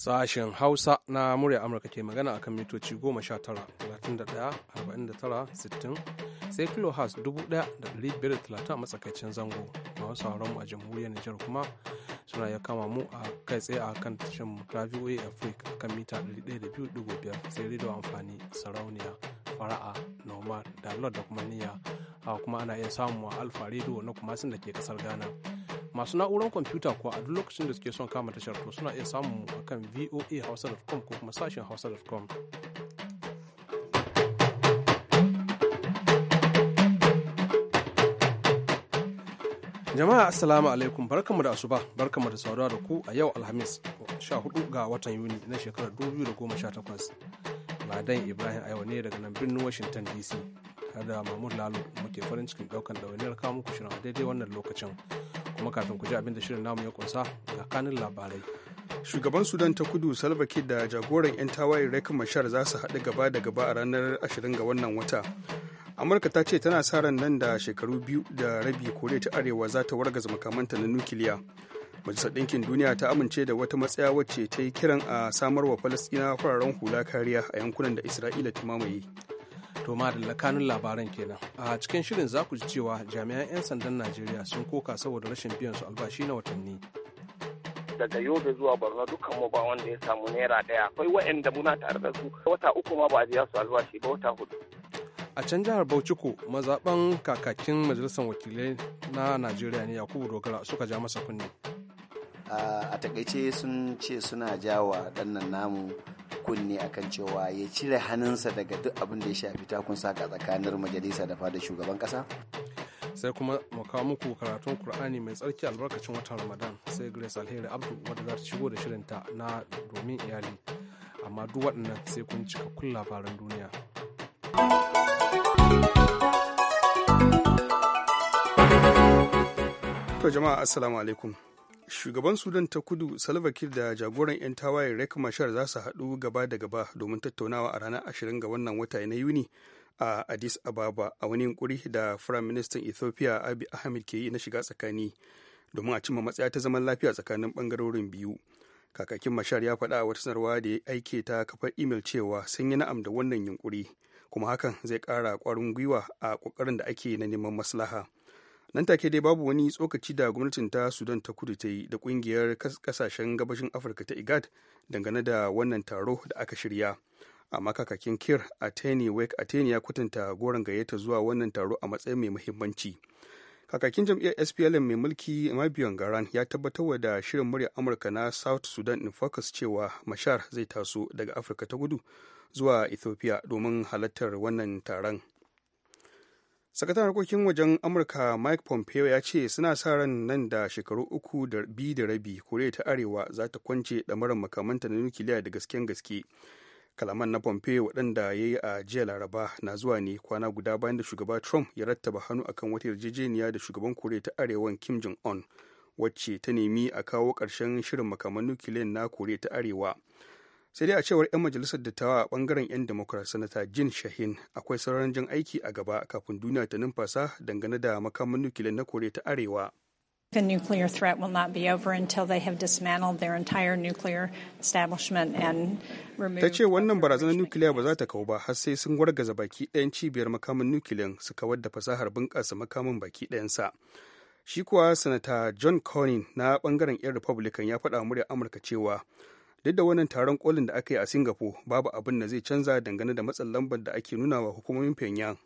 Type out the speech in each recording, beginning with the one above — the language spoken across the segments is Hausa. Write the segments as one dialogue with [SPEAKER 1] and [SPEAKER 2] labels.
[SPEAKER 1] Sashen Hausa na murya Amurka ke magana akan mitoci 19-31-49-60 sai kilohas 1,530 a matsakaicin zango masu sauranmu a jamhuriyar Nijar kuma suna ya kama mu a kai tsaye a kan tashin mu ta Africa kan mita 102.5 sai rido amfani sarauniya fara'a noma download da kuma niyya kuma ana iya samu a alfa rediyo na kuma sun da ke kasar Ghana. masu na'urar kwamfuta kuwa a duk lokacin da suke son kama tashar to suna iya samun mu akan voahausa.com ko kuma sashen hausa.com jama'a assalamu alaikum barkamu da asuba barkamu da saduwa da ku a yau alhamis 14 ga watan yuni na shekarar 2018 ladan ibrahim aiwa ne daga nan birnin washington dc tare da mahmud lalo muke farin cikin daukan ɗawainiyar kawo muku shirin a daidai wannan lokacin kuma kafin ku ji abin da shirin namu ya kunsa ga
[SPEAKER 2] kanin labarai shugaban sudan ta kudu salva kiir da jagoran 'yan tawayen rek mashar za su haɗu gaba da gaba a ranar 20 ga wannan wata amurka ta ce tana sa ran nan da shekaru biyu da rabi koriya ta arewa za ta wargaza makamanta na nukiliya majalisar ɗinkin duniya ta amince da wata matsaya wacce ta yi kiran a samarwa falasɗina fararen hula kariya a yankunan da isra'ila ta mamaye to ma da kanun labaran kenan a cikin shirin za ku ji
[SPEAKER 1] cewa jami'an 'yan sandan najeriya sun koka saboda rashin biyan su albashi na watanni
[SPEAKER 3] daga yobe zuwa borno dukkan mu ba wanda ya samu naira daya akwai wa'anda muna tare da su wata uku ma ba a biya su albashi ba wata hudu
[SPEAKER 1] a can jihar bauchi ko mazaban kakakin majalisar wakilai na najeriya ne yakubu dogara suka ja masa kunne
[SPEAKER 4] a takaice sun ce suna jawa dannan namu kunne akan cewa ya cire hannunsa daga duk abin da ya shafi takun saka tsakanin majalisa da fada shugaban kasa
[SPEAKER 1] sai kuma mu kawo muku karatun kur'ani mai tsarki albarkacin watan ramadan sai grace alheri abdu wadda za ta shigo da shirinta na domin iyali amma duk waɗannan sai kun cika kun labaran duniya
[SPEAKER 2] to jama'a assalamu alaikum shugaban sudan ta kudu salvakir da jagoran 'yan tawaye rek mashar za su haɗu gaba da gaba domin tattaunawa a ranar ashirin ga wannan wata na yuni a addis ababa a wani yunkuri da firayim ministan ethiopia abi ahmed ke yi na shiga tsakani domin a cimma matsaya ta zaman lafiya tsakanin bangarorin biyu kakakin mashar ya faɗa a wata sanarwa da ya aike ta kafar imel cewa sun yi na'am da wannan yunkuri kuma hakan zai ƙara ƙwarin gwiwa a ƙoƙarin da ake na neman maslaha nan take dai babu wani tsokaci da gwamnatin ta sudan ta kudu ta yi da kungiyar kasashen gabashin afirka ta igad dangane da wannan taro da aka shirya amma kakakin kir ateni wake ateni ya kwatanta goron gayyata zuwa wannan taro a matsayin mai muhimmanci kakakin jam'iyyar spln mai mulki mabiyan garan ya tabbatar da shirin murya amurka na south sudan in focus cewa mashar zai taso daga afirka ta kudu zuwa ethiopia domin halartar wannan taron sakataren harkokin wajen amurka mike pompeo ya ce suna sa ran nan da shekaru uku da bi da rabi koriya ta arewa za ta kwance ɗamarar makamanta na nukiliya da gasken gaske kalaman na pompeo waɗanda ya yi a jiya laraba na zuwa ne kwana guda bayan da shugaba trump ya rattaba hannu akan wata yarjejeniya da shugaban koriya ta arewan kim jong un wacce ta nemi a kawo ƙarshen shirin makaman nukiliyan na koriya ta arewa sai dai a cewar 'yan majalisar dattawa a bangaren 'yan demokrat sanata jin shahin akwai sauran jan aiki a gaba kafin duniya ta numfasa dangane da makaman nukiliyar na koriya ta arewa
[SPEAKER 1] The nuclear threat will not be over until they have dismantled their entire nuclear establishment and removed. Ta
[SPEAKER 2] ce wannan barazanar nukiliya ba za ta kau ba har sai sun gwargaza baki ɗayan cibiyar makamin nukiliyan su kawar da fasahar bunƙasa makamin baki ɗayansa. Shi kuwa Sanata John conin na ɓangaren 'yan Republican ya faɗa murya Amurka cewa duk da wannan taron kolin da aka yi a singapore babu abin da zai canza dangane da matsin lambar da ake nuna wa hukumomin pyongyang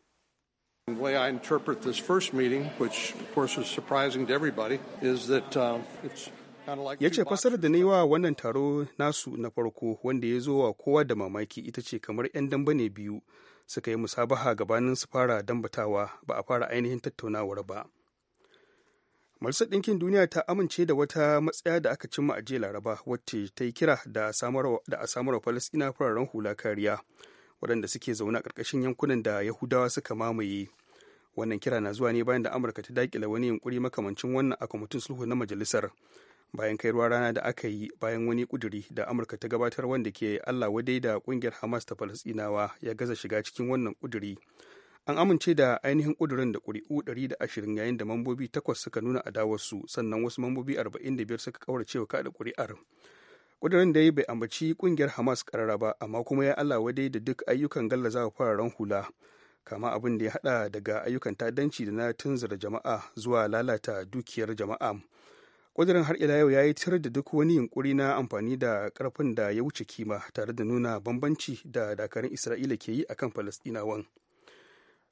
[SPEAKER 2] The I interpret this first meeting, which of course is surprising to everybody, is that uh, it's ya ce fasarar da na yi wa wannan taro nasu na farko wanda ya zo wa kowa da mamaki ita ce kamar 'yan damba ne biyu suka yi musabaha gabanin su fara dambatawa ba a fara ainihin tattaunawar ba. Majalisar Ɗinkin Duniya ta amince da wata matsaya da aka cimma a jiya Laraba wacce ta yi kira da a samarwa Falasɗina fararen hula kariya waɗanda suke zaune a ƙarƙashin yankunan da Yahudawa suka mamaye. Wannan kira na zuwa ne bayan da Amurka ta daƙila wani yunkuri makamancin wannan a kwamitin sulhu na majalisar bayan kai ruwa rana da aka yi bayan wani ƙuduri da Amurka ta gabatar wanda ke Allah wadai da ƙungiyar Hamas ta Falasɗinawa ya gaza shiga cikin wannan ƙuduri. an amince da ainihin ƙudurin da ƙuri'u 120 yayin da mambobi takwas suka nuna adawarsu sannan wasu mambobi 45 suka kaurace wa kada ƙuri'ar ƙudurin da ya bai ambaci ƙungiyar hamas ƙarara ba amma kuma ya allah wadai da duk ayyukan fara fararen hula kama abin da ya haɗa daga ayyukan ta'addanci da na tunzura jama'a zuwa lalata dukiyar jama'a ƙudurin har ila yau ya yi tir da duk wani yunkuri na amfani da ƙarfin da ya wuce kima tare da nuna bambanci da dakarun isra'ila ke yi akan falastinawan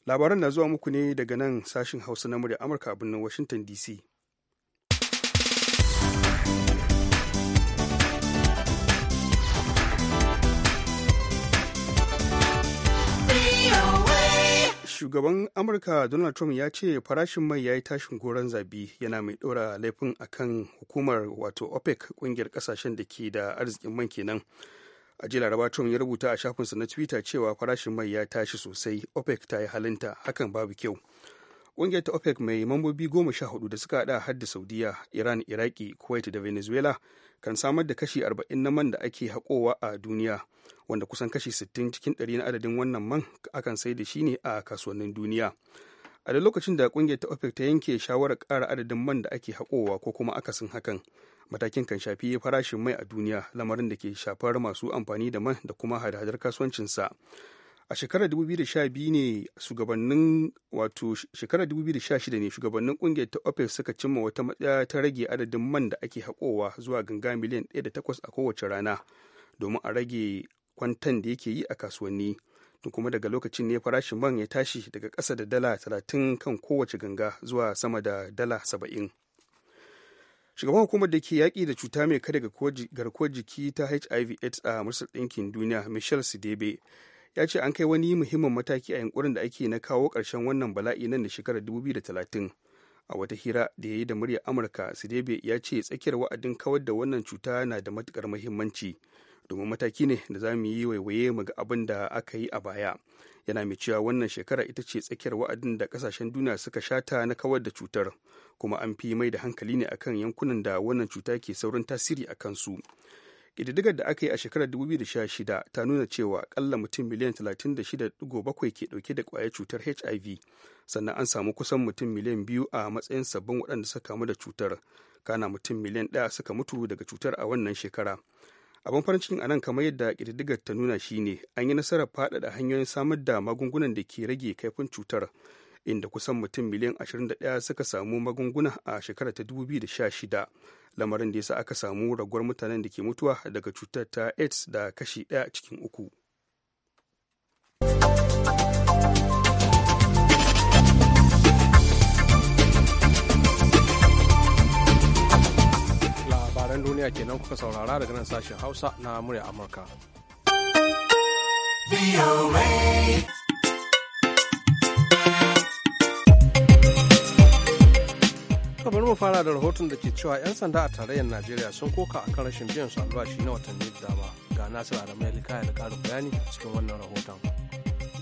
[SPEAKER 2] labaran na zuwa muku ne daga nan sashin hausa na murya amurka a birnin washington dc shugaban amurka donald trump ya ce farashin mai ya yi tashin goron zabi yana mai ɗora laifin akan hukumar wato opec ƙungiyar ƙasashen da ke da arzikin man kenan. nan a jiya laraba trump ya rubuta a shafinsa na twitter cewa farashin mai ya tashi sosai opec ta yi halinta hakan babu kyau ƙungiyar ta opec mai mambobi goma sha hudu da suka hada har da saudiya iran iraki kuwait da venezuela kan samar da kashi arba'in na man da ake haƙowa a duniya wanda kusan kashi sittin cikin ɗari na adadin wannan man akan sai da shi ne a kasuwannin duniya a da lokacin da ƙungiyar ta opec ta yanke shawarar ƙara adadin man da ake haƙowa ko kuma akasin hakan matakin kan shafi farashin mai a duniya lamarin da ke shafar masu amfani da man da kuma hada kasuwancinsa a shekarar 2012 ne shugabannin wato shekarar 2016 ne shugabannin kungiyar ta opec suka cimma wata matsaya ta rage adadin man da ake haƙowa zuwa ganga miliyan 1.8 a kowace rana domin a rage kwantan da yake yi a kasuwanni kuma daga lokacin ne farashin man ya tashi daga ƙasa da dala 30 kan kowace ganga zuwa sama da dala 70 shugaban hukumar da ke yaƙi da cuta mai kada garkuwar jiki ta hiv aids a majalisar ɗinkin duniya michelle sidebe ya ce an kai wani muhimmin mataki a yankurin da ake na kawo ƙarshen wannan bala'i nan da shekarar 2030 a wata hira da ya yi da murya amurka sidebe ya ce tsakiyar wa'adin kawar da wannan cuta na da matuƙar muhimmanci domin mataki ne da za mu yi waiwaye mu ga abin da aka yi a baya yana mai cewa wannan shekara ita ce tsakiyar wa'adin da kasashen duniya suka shata na kawar da cutar kuma an fi mai da hankali ne akan yankunan da wannan cuta ke saurin tasiri a kansu ƙididdigar da aka yi a shekarar 2016 ta nuna cewa ƙalla mutum miliyan 36.7 ke ɗauke da ƙwayar cutar hiv sannan an samu kusan mutum miliyan biyu a matsayin sabbin waɗanda suka kamu da cutar kana mutum miliyan ɗaya suka mutu daga cutar a wannan shekara abin farin cikin anan kamar yadda ƙididdigar ta nuna shine an yi nasarar faɗaɗa hanyoyin samar da magungunan da ke rage kaifin cutar inda kusan mutum miliyan 21 suka samu magunguna a shekarar ta 2016 lamarin da yasa aka samu raguwar mutanen da ke mutuwa daga cutar ta aids da kashi ɗaya cikin uku.
[SPEAKER 1] labaran duniya kenan kuka saurara daga nan sashen Hausa na murya Amurka. Kabar mu fara da rahoton da ke cewa 'yan sanda a tarayyar najeriya sun koka a kan rashin biyan su albashi na watanni da dama ga nasir adamu ya da ƙarin bayani cikin wannan rahoton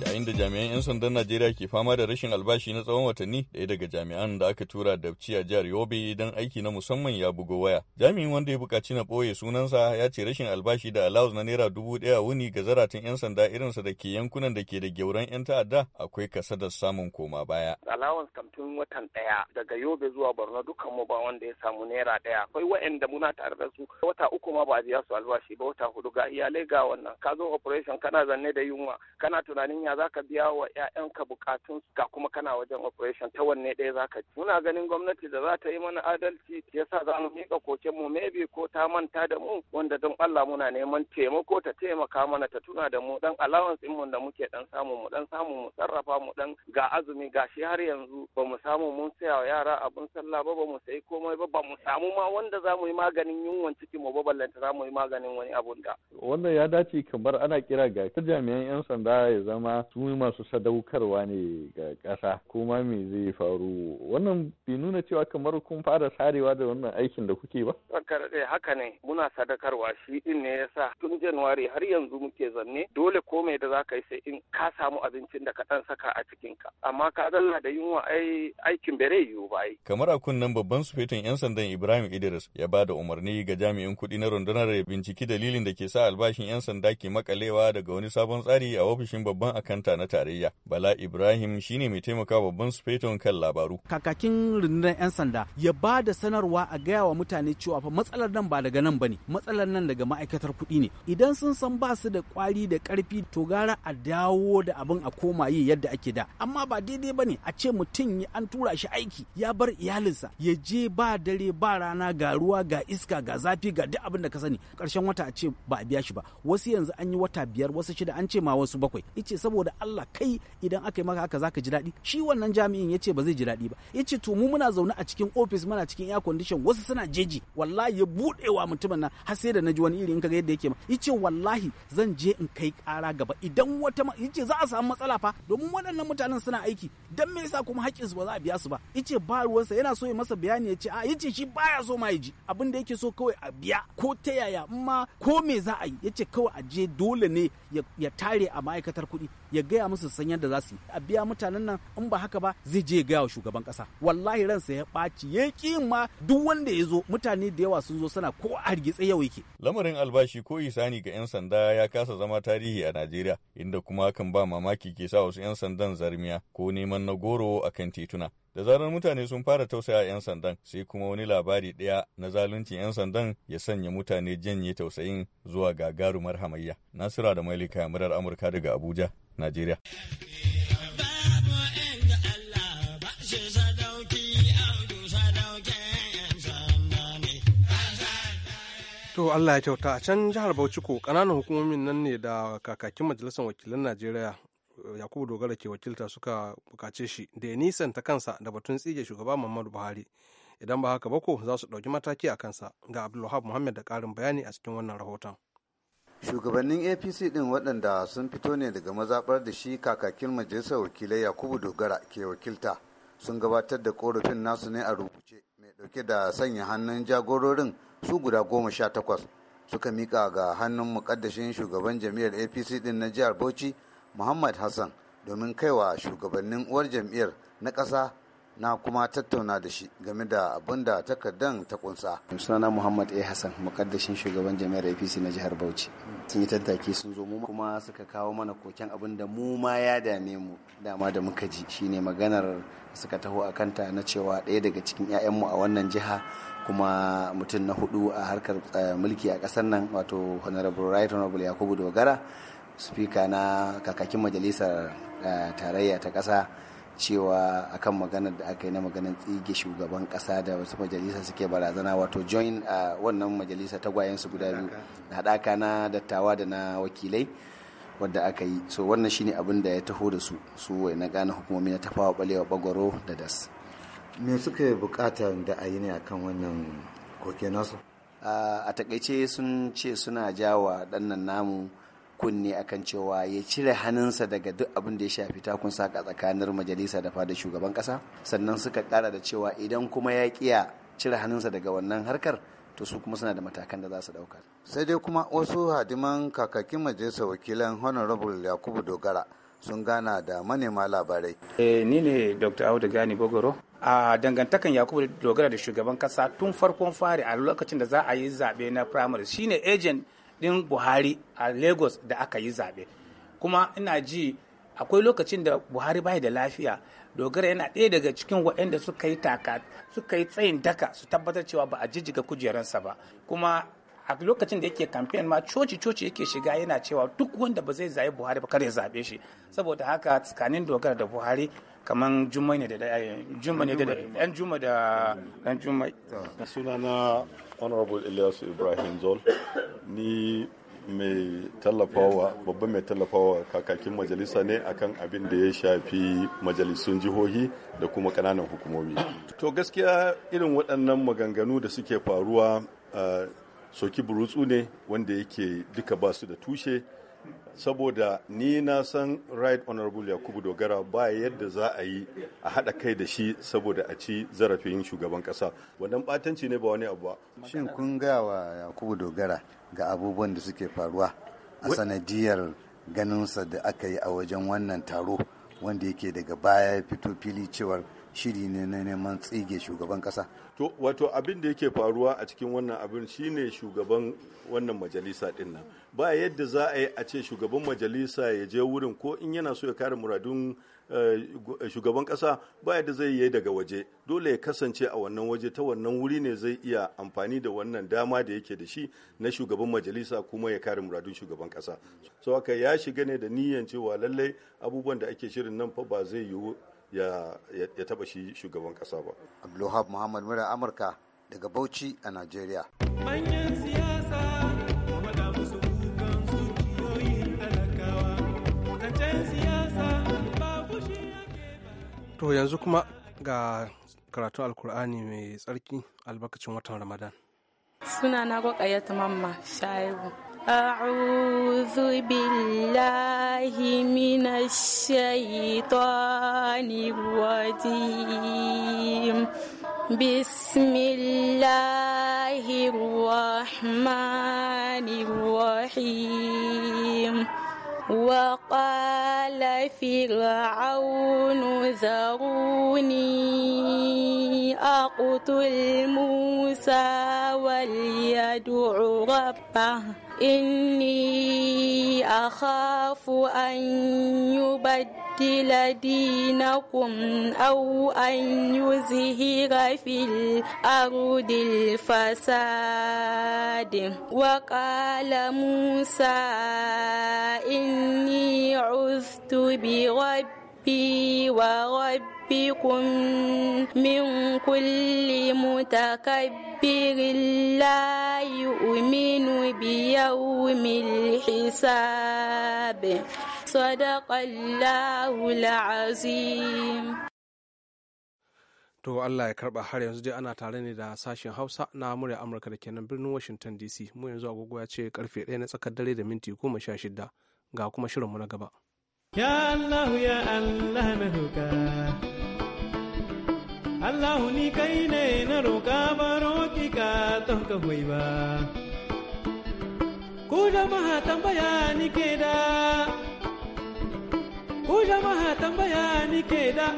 [SPEAKER 5] yayin da jami'an 'yan sandan Najeriya ke fama da rashin albashi na tsawon watanni ɗaya daga jami'an da aka tura da a jihar Yobe don aiki na musamman ya bugo waya. Jami'in wanda ya buƙaci na ɓoye sunansa ya ce rashin albashi da allowance na naira dubu ɗaya wuni ga zaratin 'yan sanda irinsa da ke yankunan da ke da gyauran 'yan ta'adda akwai kasadar samun koma baya.
[SPEAKER 3] Allowance kam tun watan ɗaya daga Yobe zuwa Borno dukkan mu ba wanda ya samu naira ɗaya. Akwai wa'anda muna tare da su wata uku ma ba a biya su albashi ba wata hudu ga iyalai ga wannan ka zo operation kana zanne da yunwa kana tunanin za ka biya wa 'ya'yanka bukatun ga kuma kana wajen operation ta wanne ɗaya ka ci muna ganin gwamnati da za ta yi mana adalci ya sa za mu miƙa koken mu maybe ko ta manta da mu wanda don Allah muna neman taimako ta taimaka mana ta tuna da mu dan allowance din mu da muke dan samu mu dan samu mu sarrafa mu dan ga azumi ga shi har yanzu ba mu samu mun saya wa yara abun sallah ba ba mu sayi komai ba ba mu samu ma wanda za mu yi maganin yunwan ciki. mu ba ballanta za mu yi maganin wani abun da
[SPEAKER 5] wannan ya dace kamar ana kira ga ta jami'an yan sanda ya zama cewa su masu sadaukarwa ne ga ƙasa kuma me zai faru wannan bai nuna cewa kamar kun fara sarewa da wannan aikin da kuke ba ɗaya haka
[SPEAKER 3] ne muna sadakarwa shi din ne yasa tun januwari har yanzu muke zanne dole komai da zaka yi sai in ka samu abincin da ka dan saka a cikin ka amma ka dalla da yunwa ai aikin bai yiwu ba ai
[SPEAKER 5] kamar a kunnen babban sufetin yan sandan Ibrahim Idris ya ba da umarni ga jami'in kuɗi na rundunar ya binciki dalilin da ke sa albashin yan sanda ke makalewa daga wani sabon tsari a ofishin babban kanta na tarayya. Bala Ibrahim shine mai taimaka babban sufeton kan labaru. Kakakin rundunar 'yan sanda ya ba da sanarwa a gaya wa mutane cewa fa matsalar nan ba daga
[SPEAKER 6] nan bane, matsalar nan daga ma'aikatar kuɗi ne. Idan sun san ba su da kwari da ƙarfi to gara a dawo da abin a koma yi yadda ake da. Amma ba daidai bane a ce mutum ya an tura shi aiki ya bar iyalinsa ya je ba dare ba rana ga ruwa ga iska ga zafi ga duk abin da ka sani. Ƙarshen wata a ce ba a biya shi ba. Wasu yanzu an yi wata biyar wasu shida an ce ma wasu bakwai. Ice saboda saboda Allah kai idan aka yi maka haka zaka ji daɗi shi wannan jami'in ya ce ba zai ji daɗi ba ya ce to mu muna zaune a cikin ofis muna cikin air condition wasu suna jeji wallahi ya wa mutumin na har sai da na ji wani iri in ga yadda yake ma ya ce wallahi zan je in kai kara gaba idan wata ya ce za a samu matsala fa domin waɗannan mutanen suna aiki dan me yasa kuma haƙƙinsu ba za a biya su ba ya ce ba ruwansa yana so ya masa bayani ya ce a ya ce shi baya so ma ya ji abin da yake so kawai a biya ko ta yaya ma ko me za a yi ya ce kawai a je dole ne ya tare a ma'aikatar kuɗi ya gaya musu san yadda za su yi a biya mutanen nan in ba haka ba zai je ya gaya wa shugaban kasa
[SPEAKER 5] wallahi ransa ya ɓaci ya ƙi ma duk wanda ya zo mutane da yawa sun zo suna ko a hargitse yau yake lamarin albashi ko isani ga 'yan sanda ya kasa zama tarihi a najeriya inda kuma hakan ba mamaki ke sa wasu 'yan sandan zarmiya ko neman na goro akan tituna da zarar mutane sun fara tausaya 'yan sandan sai kuma wani labari ɗaya na zaluncin 'yan sandan ya sanya mutane janye tausayin zuwa gagarumar hamayya nasira da mailika murar amurka daga abuja najeriya
[SPEAKER 1] To Allah ya kyauta a can jihar Bauchi ko ƙananan hukumomin nan ne da kakakin majalisar wakilan Najeriya yakubu dogara ke wakilta suka bukace shi da ya nisan ta kansa da batun tsige shugaba muhammadu buhari idan ba haka ba ko za su ɗauki mataki a kansa ga abdulwahab muhammad da ƙarin bayani a cikin wannan rahoton
[SPEAKER 7] shugabannin apc din waɗanda sun fito ne daga mazaɓar da shi kakakin majalisar wakilai yakubu dogara ke wakilta sun gabatar da korafin nasu ne a rubuce mai ɗauke da sanya hannun jagororin su guda goma sha takwas suka mika ga hannun mukaddashin shugaban jami'ar apc din na jihar bauchi muhammad hassan domin kaiwa shugabannin uwar jam'iyyar na ƙasa na kuma tattauna da shi game da abin da takardar ta kunsa.
[SPEAKER 4] sunana muhammad a hassan mukaddashin shugaban jami'ar apc na jihar bauchi sun yi tattaki sun zo mu kuma suka kawo mana koken abin da mu ma ya dame mu dama da muka ji shine maganar suka taho a kanta na cewa ɗaya daga cikin 'ya'yanmu a wannan jiha kuma mutum na hudu a harkar eh, mulki a ƙasar nan wato honorable right honorable yakubu dogara spika na kakakin majalisar eh, tarayya ta ƙasa cewa akan maganar da aka yi na maganar tsige shugaban kasa da wasu majalisa suke barazana wato join a eh, wannan majalisa ta su guda biyu da haɗaka na dattawa da na wakilai wadda aka yi so wannan shine abin da ya taho da su su na gane hukumomi na tafawa balewa bagwaro da das me suke bukata da a yi ne akan wannan koke nasu ah, a takaice sun ce suna jawa ɗannan namu kunne akan cewa ya cire hannunsa daga duk abin da ya shafi takun saka tsakanin majalisa da fada shugaban kasa sannan suka kara da cewa idan kuma ya kiya cire hannunsa daga wannan harkar to su kuma suna da matakan da za su dauka sai dai kuma wasu
[SPEAKER 7] hadiman kakakin majalisar wakilan honorable yakubu dogara sun gana da manema labarai.
[SPEAKER 6] E, ni ne Dr. Audu Gani Bogoro. A dangantakan Yakubu Dogara da shugaban kasa tun farkon fari a lokacin da za a yi zaɓe na primary shine agent din buhari a lagos da aka yi zaɓe kuma ina ji akwai lokacin da buhari bai da lafiya dogara yana ɗaya daga cikin waɗanda suka yi taka suka yi tsayin daka su tabbatar cewa ba a jijjiga kujerarsa ba kuma a lokacin da yake kamfen ma coci coci yake shiga yana cewa duk wanda ba zai zaɓi buhari ba kar ya zaɓe shi saboda haka tsakanin dogara da buhari kamar juma ne da eh, juma ne da ɗan
[SPEAKER 3] juma da ɗan juma
[SPEAKER 8] sunana honorable ilyasu ibrahim zol ni mai tallafawa babban mai tallafawa kakakin majalisa ne akan abin da ya shafi majalisun jihohi da kuma kananan hukumomi to gaskiya irin waɗannan maganganu da suke faruwa soki burutsu ne wanda yake duka basu da tushe saboda ni na san right honorable yakubu dogara ba yadda za a yi a haɗa kai da shi saboda a ci zarafin shugaban ƙasa wannan ɓatanci ne ba wani abu ba shin kun gaya wa yakubu
[SPEAKER 7] dogara ga abubuwan da suke faruwa a sanadiyar ganinsa da aka yi a wajen wannan taro wanda yake daga baya fito fili cewar shiri ne na neman tsige shugaban ƙasa
[SPEAKER 8] to wato abin da yake faruwa a cikin wannan abin shine shugaban wannan majalisa din nan ba yadda za a yi a ce shugaban majalisa ya je wurin ko in yana so ya kare muradun eh, shugaban kasa ba yadda zai yi daga waje dole ya kasance a wannan waje ta wannan wuri ne zai iya amfani da wannan dama da yake da shi na shugaban majalisa kuma ya kare muradun shugaban kasa so ya shiga ne da niyyan cewa lallai abubuwan da ake shirin nan fa ba zai yiwu ya taba shi shugaban kasa ba. Abdulwahab Muhammad Mura Amurka daga Bauchi a Najeriya.
[SPEAKER 9] Manyan siyasa
[SPEAKER 1] To yanzu kuma ga karatun alkur'ani mai tsarki albarkacin watan Ramadan.
[SPEAKER 10] Suna na gwakaya ta mamma أعوذ بالله من الشيطان الرجيم بسم الله الرحمن الرحيم وقال فرعون ذروني أقتل موسى وليدع ربه إني أخاف أن يبدل دينكم أو أن يزهر في الأرض الفساد وقال موسى إني عذت بربي ربي وربكم من كل متكبر لا يؤمن بيوم الحساب صدق الله العظيم
[SPEAKER 1] To Allah ya karba har yanzu dai ana tare ne da sashen Hausa na murya Amurka da kenan birnin Washington DC. Mu yanzu agogo ya ce karfe ɗaya na tsakar dare da minti 16 sha shida ga kuma shirinmu na gaba.
[SPEAKER 11] Ya Allah ya Allah na roƙa Allah ni kai ne na roƙa baro ki ka ton ka hoyi ba Ku jama'a tambaya ni ke da Ku jama'a tambaya ni ke da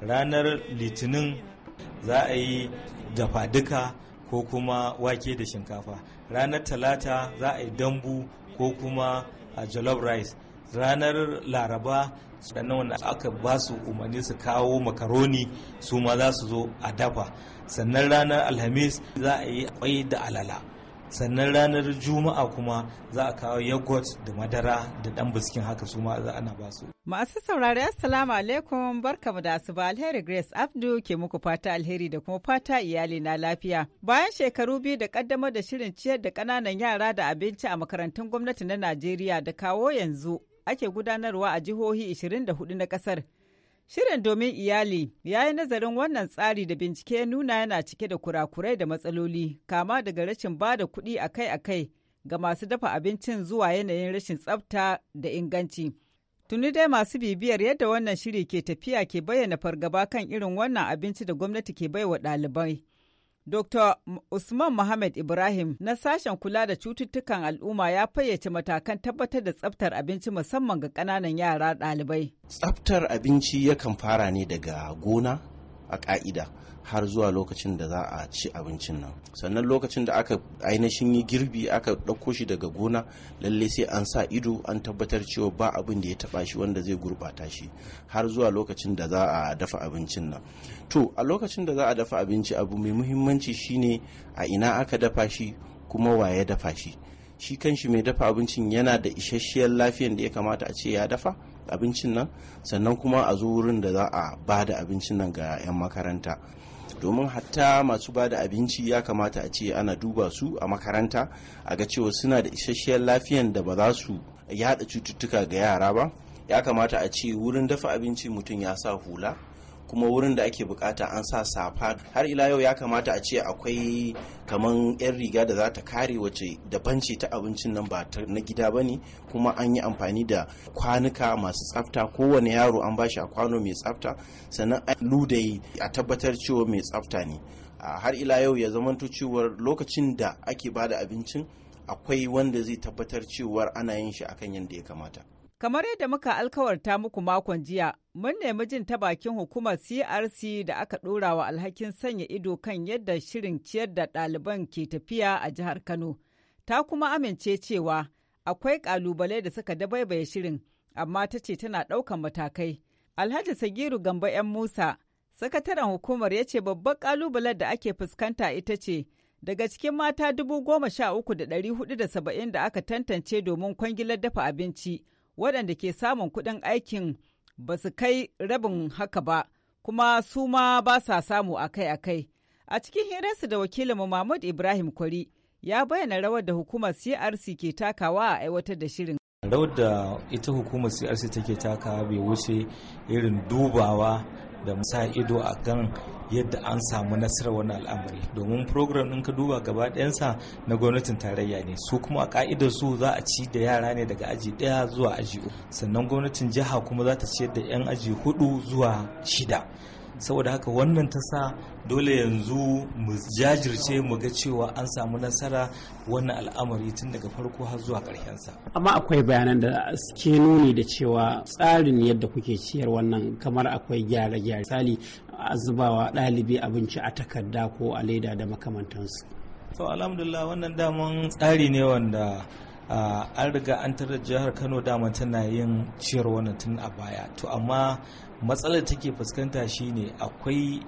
[SPEAKER 11] Ranar Litinin za a yi dafa duka ko kuma wake da shinkafa ranar talata za a yi dambu ko kuma a jollof rice ranar laraba sannan wanda aka ba su umarni su kawo makaroni su ma za su zo a dafa sannan ranar alhamis za a yi kwai da alala sannan ranar juma'a kuma za a kawo yogurt da madara da dan biskin haka su ma za ana ba su
[SPEAKER 12] masu saurari assalamu alaikum mu da asuba alheri grace abdu ke muku fata alheri da kuma fata iyali na lafiya bayan shekaru biyu da kaddamar da shirin ciyar da kananan yara da abinci a makarantun gwamnati na najeriya da kawo yanzu ake gudanarwa a jihohi 24 na kasar Shirin domin iyali ya yi nazarin wannan tsari da bincike nuna yana cike da kurakurai da matsaloli, kama daga rashin ba da kuɗi akai-akai ga masu dafa abincin zuwa yanayin rashin tsafta da inganci. Tuni dai masu bibiyar yadda wannan shiri ke tafiya ke bayyana fargaba kan irin wannan abinci da gwamnati ke baiwa ɗalibai. Dr. Usman Muhammad Ibrahim na sashen kula da cututtukan al'umma ya fayyace matakan tabbatar da tsaftar abinci musamman ga ƙananan yara ɗalibai.
[SPEAKER 9] Tsaftar abinci yakan fara ne daga gona, a ka'ida har zuwa lokacin da za a ci abincin nan sannan lokacin da aka ainihin yi girbi aka ɗauko shi daga gona lalle sai an sa ido an tabbatar cewa ba abin da ya taɓa shi wanda zai gurbata shi har zuwa lokacin da za a dafa abincin nan to a lokacin da za a dafa abinci abu mai muhimmanci shine a ina aka dafa shi kuma wa ya dafa shi shi kanshi mai dafa abincin yana da isasshiyar lafiyan da ya kamata a ce ya dafa abincin nan sannan kuma a zo wurin da za a ba da abincin nan ga 'yan makaranta domin hatta masu ba da abinci ya kamata a ce ana duba su a makaranta a ga cewa suna da isasshiyar lafiyan da ba za su yada cututtuka ga yara ba ya kamata a ce wurin dafa abinci mutum ya sa hula kuma wurin da ake bukata an sa safa har ila yau ya kamata a ce akwai kaman 'yan riga da za ta kare wace da banci ta abincin nan ba na gida ba ne kuma an yi amfani da kwanuka masu tsafta kowane yaro an bashi a kwano mai tsafta sannan ludayi a tabbatar cewa mai tsafta ne har ila yau ya zamanto cewar lokacin da ake bada abincin akwai wanda zai tabbatar cewar ana yin shi akan yadda ya
[SPEAKER 12] kamata Kamar yadda muka alkawarta muku makon jiya, mun nemi jin ta bakin hukumar CRC da aka ɗora wa alhakin sanya ido kan yadda shirin ciyar da ɗaliban ke tafiya a jihar Kano. Ta kuma amince cewa akwai ƙalubale da suka dabaibaye shirin, amma ta ce tana ɗaukan matakai. Alhaji Sagiru Gamba 'yan Musa, sakataren hukumar ya ce babban ƙalubalen da ake fuskanta ita ce daga cikin mata dubu goma sha uku da ɗari hudu da saba'in da aka tantance domin kwangilar dafa abinci. waɗanda ke samun kuɗin aikin ba su kai rabin haka ba kuma su ma ba sa samu akai-akai. A cikin hirarsu da wakilinmu Mahmud Ibrahim Kwari ya bayyana rawar da hukumar CRC ke takawa a aiwatar da shirin.
[SPEAKER 11] rawar da ita hukumar crc take taka bai wuce irin dubawa da musa ido a kan yadda an samu nasarar wani al'amari domin program ɗin ka duba gaba ɗayansa na gwamnatin tarayya ne su kuma a ka'idar su za a ci da yara ne daga aji ɗaya zuwa aji uku sannan gwamnatin jiha kuma za ta ciyar da 'yan aji hudu zuwa shida saboda haka wannan ta sa dole yanzu mu jajirce mu ga cewa an samu nasara wannan al'amari tun daga farko har zuwa sa.
[SPEAKER 13] amma akwai bayanan da suke nuni da cewa tsarin yadda kuke ciyar wannan kamar akwai gyara gyare misali a zubawa ɗalibi abinci a takarda ko a leda da makamantansu to
[SPEAKER 11] alhamdulillah wannan daman tsari ne wanda an riga an tarar jihar kano dama tana yin ciyar wani tun a baya to amma matsalar take fuskanta shine akwai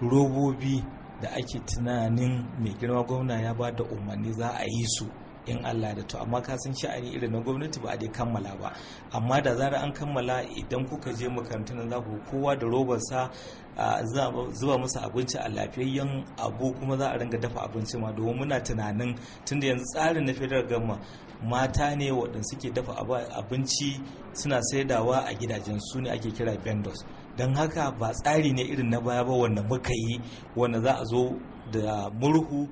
[SPEAKER 11] robobi da ake tunanin mai girma gwamna ya ba da umarni za a yi su in Allah da to amma ka san sha'ani irin na gwamnati ba a dai kammala ba amma da zarar an kammala idan kuka je makarantar za ku kowa da robarsa zuba masa abinci a lafiyayyen abu kuma za a ringa dafa abinci ma domin muna tunanin tunda yanzu tsarin na federal gama mata ne waɗanda suke dafa abinci suna saidawa a gidajen su ne ake kira bendos don haka ba tsari ne irin na baya ba wanda muka yi wanda za a zo da murhu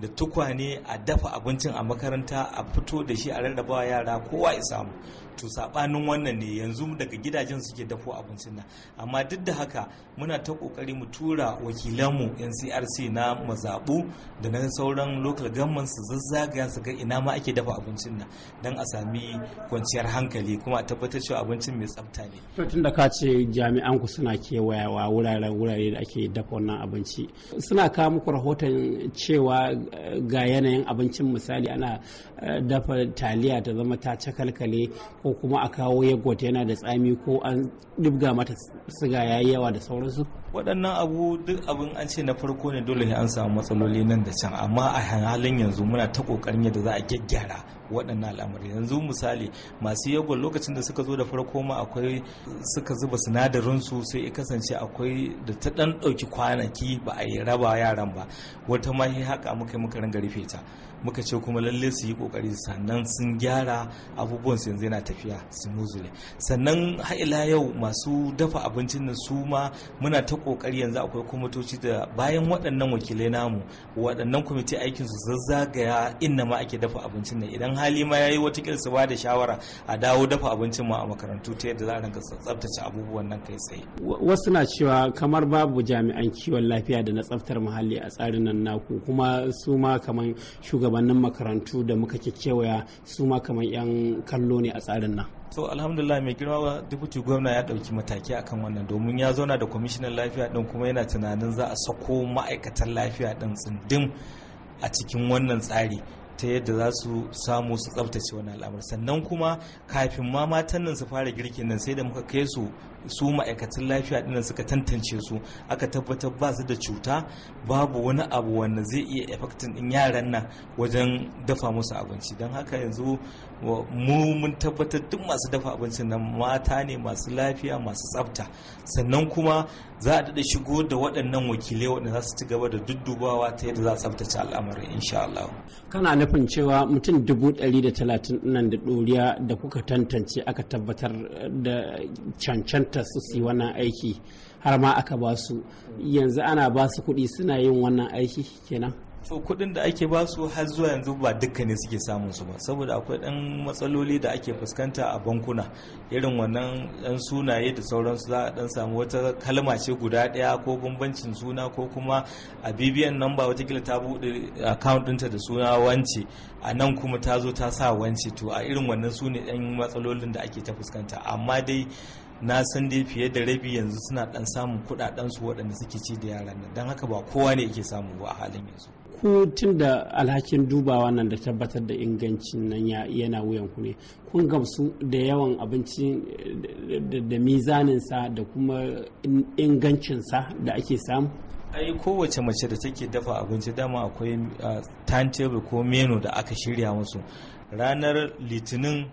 [SPEAKER 11] da tukwane a dafa abincin a makaranta a fito da shi a rarrabawa yara kowa ya samu to sabanin wannan ne yanzu daga gidajen suke dafo abincin nan amma duk da haka muna ta kokari mu tura wakilanmu ncrc na mazabu da na sauran local government su zazzagaya su ga ina ma ake dafa abincin nan don a sami kwanciyar hankali kuma a tabbatar cewa abincin mai tsafta
[SPEAKER 13] ne to da ka ce jami'an ku suna kewayawa wurare wurare da ake dafa wannan abinci suna kawo muku rahoton cewa eh, ga yanayin abincin misali ana eh, dafa taliya ta zama ta cakalkale ko kuma a kawo yagwat yana da tsami ko an dibga mata siga ya yi yawa da sauransu
[SPEAKER 11] waɗannan abu duk abin an ce na farko ne dole an samu matsaloli nan da can amma a halin yanzu muna ta ƙoƙarin yadda za a gyaggyara waɗannan al'amari yanzu misali masu yagwat lokacin da suka zo da farko ma akwai suka zuba sinadarin su sai ya kasance akwai da ta ɗan ɗauki kwanaki ba a yi raba yaran ba wata ma haka muka yi muka ringa rufe ta muka ce kuma lalle su yi kokari sannan sun gyara abubuwan su yanzu yana tafiya smoothly sannan ila yau masu dafa abincin nan su ma muna ta kokari yanzu akwai kwamitoci da bayan waɗannan wakilai namu waɗannan kwamiti aikin su zazzagaya inna ma ake dafa abincin nan idan hali ma yayi wata su bada shawara a dawo dafa abincin ma a makarantu ta yadda za a rinka tsaftace abubuwan nan kai tsaye
[SPEAKER 13] wasu na cewa kamar babu jami'an kiwon lafiya da na tsaftar muhalli a tsarin nan naku kuma su ma kamar shugaban shugabannin makarantu da muka kewaya su ma kamar 'yan kallo ne a tsarin nan so alhamdulillah mai girma deputy gwamna ya dauki mataki akan wannan domin ya zauna da kwamishinan lafiya
[SPEAKER 11] din kuma yana tunanin za a sako ma'aikatan lafiya din tsindin a cikin wannan tsari ta yadda za su samu su tsabtace wani al'amur sannan kuma kafin ma matan nan su fara girkin nan sai da muka kai su su ma'aikatan lafiya dinnan suka tantance su aka tabbatar ba su da cuta babu wani abu wanda zai iya efektin din yaran nan wajen dafa musu abinci don haka yanzu mu mun tabbatar duk masu dafa abincin nan mata ne masu lafiya masu tsabta sannan kuma za a daɗa shigo da waɗannan wakilai waɗanda za su ci gaba da duddubawa ta yadda za a tsabtace al'amarin insha Allah.
[SPEAKER 13] Kana nufin cewa mutum dubu ɗari da talatin nan da ɗoriya da kuka tantance aka tabbatar eh, da cancanta su yi wannan aiki har ma aka ba su yanzu ana ba su kuɗi suna yin wannan aiki kenan. so kuɗin da ake ba su
[SPEAKER 11] har zuwa yanzu ba duka ne suke samun su ba saboda akwai ɗan matsaloli da ake fuskanta a bankuna irin wannan ɗan sunaye da sauransu za a ɗan samu wata kalma ce guda ɗaya ko bambancin suna ko kuma a bibiyan nan wata watakila ta buɗe account ɗinta da suna wance a nan kuma ta zo ta sa wance to a irin wannan su ne ɗan matsalolin da ake ta fuskanta amma dai na san dai fiye da rabi yanzu suna ɗan samun kuɗaɗensu waɗanda suke ci da yaran nan don haka ba kowa ne yake samu ba a halin yanzu
[SPEAKER 13] ku tun da alhakin dubawa nan da tabbatar da ingancin nan yana wuyan ku ne kun gamsu da yawan abinci da mizaninsa da kuma ingancinsa da ake samu ai kowace mace da take dafa abinci dama akwai timetable
[SPEAKER 11] ko menu da aka shirya musu ranar litinin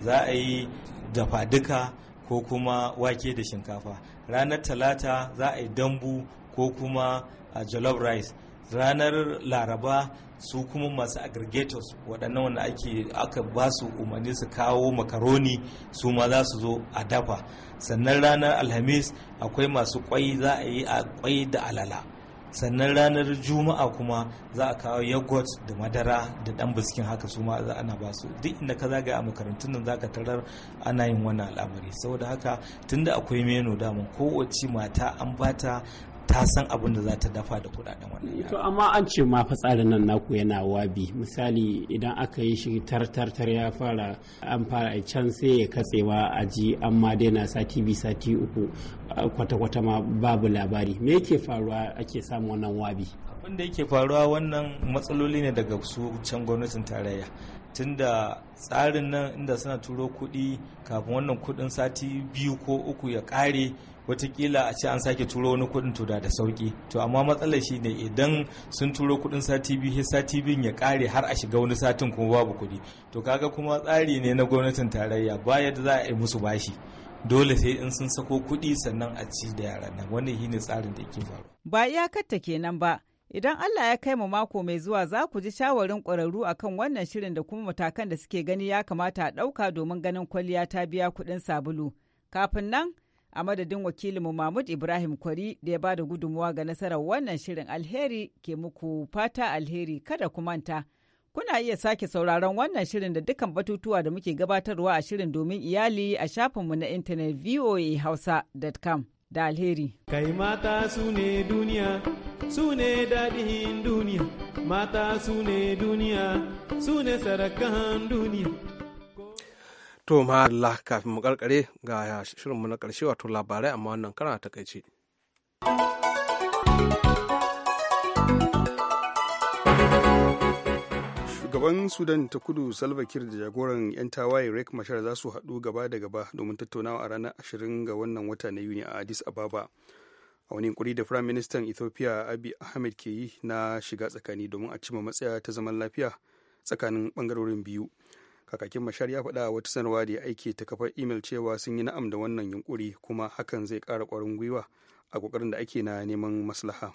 [SPEAKER 11] za a yi dafa duka ko kuma wake da shinkafa ranar talata za a yi dambu ko kuma jollof rice ranar laraba su kuma masu aggregators waɗannan wanda ake aka ba su umarni su kawo makaroni su ma za su zo a dafa sannan ranar alhamis akwai masu kwai za a yi a kwai da alala sannan ranar juma'a kuma za a kawo yogurt da madara da dan biskin haka su ma za ana ba su duk inda ka zagaya a makarantun nan za ka tarar ana yin wannan al'amari saboda haka tunda akwai menu daman kowace mata an bata ta san abin da za ta dafa da kudaden
[SPEAKER 13] wannan yaro. To amma an ce ma tsarin nan naku yana wabi misali idan aka yi shi tartartar ya fara an fara a can sai ya katsewa a ji an ma daina sati bi sati uku kwata-kwata ma babu labari me yake faruwa ake samun wannan wabi.
[SPEAKER 11] Abin da yake faruwa wannan matsaloli ne daga su can gwamnatin tarayya tunda tsarin nan inda suna turo kuɗi kafin wannan kuɗin sati biyu ko uku ya ƙare watakila a ce an sake turo wani kudin to da da sauki to amma matsalar shi ne idan sun turo kuɗin sati biyu sai sati biyun ya kare har a shiga wani satin kuma babu kuɗi to kaga kuma tsari ne na gwamnatin tarayya ba yadda za a yi musu bashi dole sai in sun sako kuɗi sannan a ci da yaran nan wannan shine tsarin da yake faru
[SPEAKER 12] ba iyakarta kenan ba idan Allah ya kai mu mako mai zuwa za ku ji shawarin ƙwararru akan wannan shirin da kuma matakan da suke gani ya kamata a ɗauka domin ganin kwalliya ta biya kuɗin sabulu kafin nan a madadin wakilinmu Mahmud Ibrahim Kwari da ya bada gudunmuwa ga nasarar wannan shirin alheri ke muku fata alheri kada ku manta. Kuna iya sake sauraron wannan shirin da dukkan batutuwa da muke gabatarwa a shirin domin iyali a shafinmu na intanet voahausa.com da alheri. Kai mata su ne
[SPEAKER 11] duniya, su ne daɗin duniya, mata su ne duniya, su ne sarakan duniya.
[SPEAKER 1] To ma Allah kafin mu karkare ga shirinmu na karshe wato labarai amma wannan kara takaice.
[SPEAKER 2] Shugaban Sudan ta kudu Salva Kiir da jagoran 'yan tawaye rek mashar za su haɗu gaba da gaba domin tattaunawa a ranar 20 ga wannan wata na Yuni a Addis Ababa. a wani yunkuri da firayim ministan ethiopia abi ahmed ke yi na shiga tsakani domin a cima matsaya ta zaman lafiya tsakanin bangarorin biyu kakakin mashar ya faɗa wata sanarwa da ya aike ta kafar imel cewa sun yi na'am da wannan yunkuri kuma hakan zai ƙara ƙwarin gwiwa a ƙoƙarin da ake na neman maslaha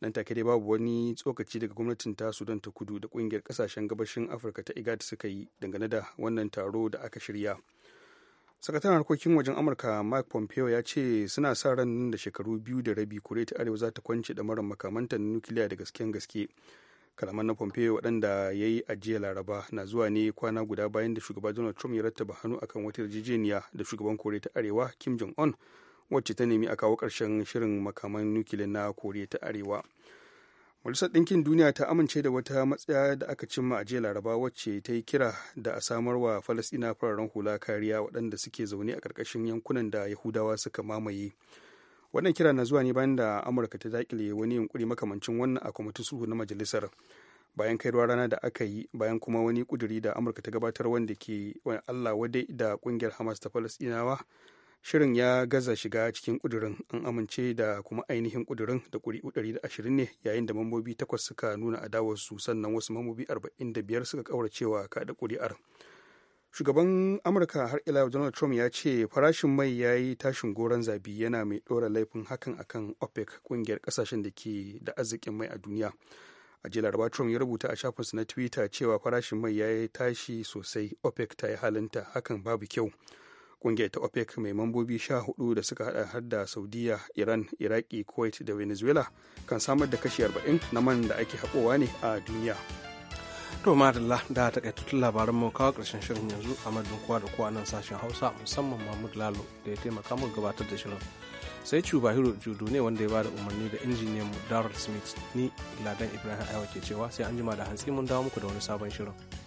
[SPEAKER 2] nan take dai babu wani tsokaci daga gwamnatin ta sudan ta kudu da ƙungiyar ƙasashen gabashin afirka ta igad suka yi dangane da wannan taro da aka shirya sakataren harkokin wajen amurka mike pompeo ya ce suna sa ran da shekaru biyu da rabi kure ta arewa za ta kwance da maran makamantan nukiliya da gasken gaske kalaman na pompeo waɗanda ya yi ajiya laraba na zuwa ne kwana guda bayan da shugaba donald trump ya rattaba hannu akan wata yarjejeniya da shugaban koriya ta arewa kim jong un wacce ta nemi a kawo ƙarshen shirin makaman nukiliya na koriya ta arewa majalisar ɗinkin duniya ta amince da wata matsaya da aka cimma a jiya laraba wacce ta yi kira da a samar wa falasɗina fararen hula kariya waɗanda suke zaune a ƙarƙashin yankunan da yahudawa suka mamaye wannan kira na zuwa ne bayan da amurka ta dakile wani yunkuri makamancin wannan a kwamitin sulhu na majalisar bayan kai ruwa rana da aka yi bayan kuma wani kuduri da amurka ta gabatar wanda ke allah wadai da kungiyar hamas ta falasɗinawa shirin ya gaza shiga cikin kudurin an amince da kuma ainihin kudurin da kuri'u ashirin ne yayin da mambobi takwas suka nuna adawarsu sannan wasu mambobi 45 suka cewa kada kuri'ar shugaban amurka har ila donald trump ya ce farashin mai ya yi tashin goron zabi yana mai ɗora laifin hakan akan opec ƙungiyar ƙasashen da ke da arzikin mai a duniya a jiya laraba trump ya rubuta a shafinsa na twitter cewa farashin mai ya yi tashi sosai opec ta yi halinta hakan babu kyau ƙungiyar ta opec mai mambobi sha hudu da suka hada har da saudiya iran iraki kuwait da venezuela kan samar da kashi arba'in na man da ake haƙowa ne a duniya
[SPEAKER 1] To madalla da takaitattun labaran mu kawo karshen shirin yanzu a madadin kowa da kowa nan sashen Hausa musamman Mahmud Lalo da ya taimaka mu gabatar da shirin. Sai Cubahiro Judo ne wanda ya bada umarni da injiniyan mu Darrell Smith ni Ladan Ibrahim Aiwa ke cewa sai an jima da hantsi mun dawo muku da wani sabon shirin.